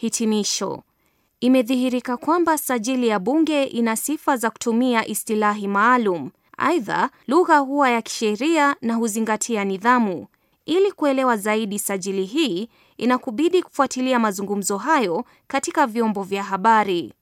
Hitimisho. Imedhihirika kwamba sajili ya bunge ina sifa za kutumia istilahi maalum. Aidha, lugha huwa ya kisheria na huzingatia nidhamu. Ili kuelewa zaidi sajili hii, inakubidi kufuatilia mazungumzo hayo katika vyombo vya habari.